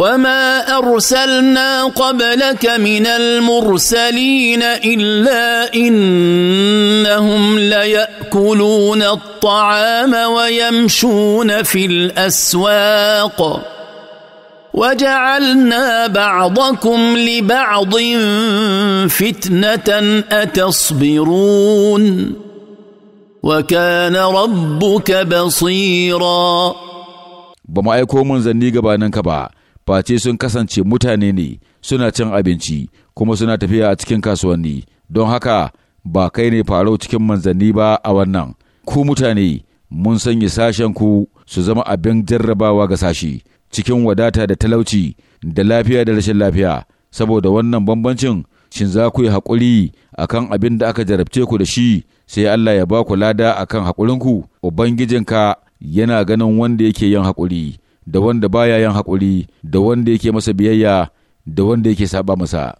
وما ارسلنا قبلك من المرسلين الا انهم لياكلون الطعام ويمشون في الاسواق وجعلنا بعضكم لبعض فتنه اتصبرون وكان ربك بصيرا بما يكون من زني gabaninka face sun kasance mutane ne suna cin abinci kuma suna tafiya a cikin kasuwanni don haka ba kai ne farau cikin manzanni ba a wannan ku mutane mun sanya sashen ku su zama abin jarrabawa ga sashi cikin wadata da talauci da lafiya da rashin lafiya saboda wannan bambancin shin za ku yi haƙuri akan abin da aka jarabce ku da shi sai Allah ya ba ku lada akan haƙurinku ubangijinka yana ganin wanda yake yin haƙuri da wanda baya yin haƙuri da wanda yake masa biyayya da wanda yake saba masa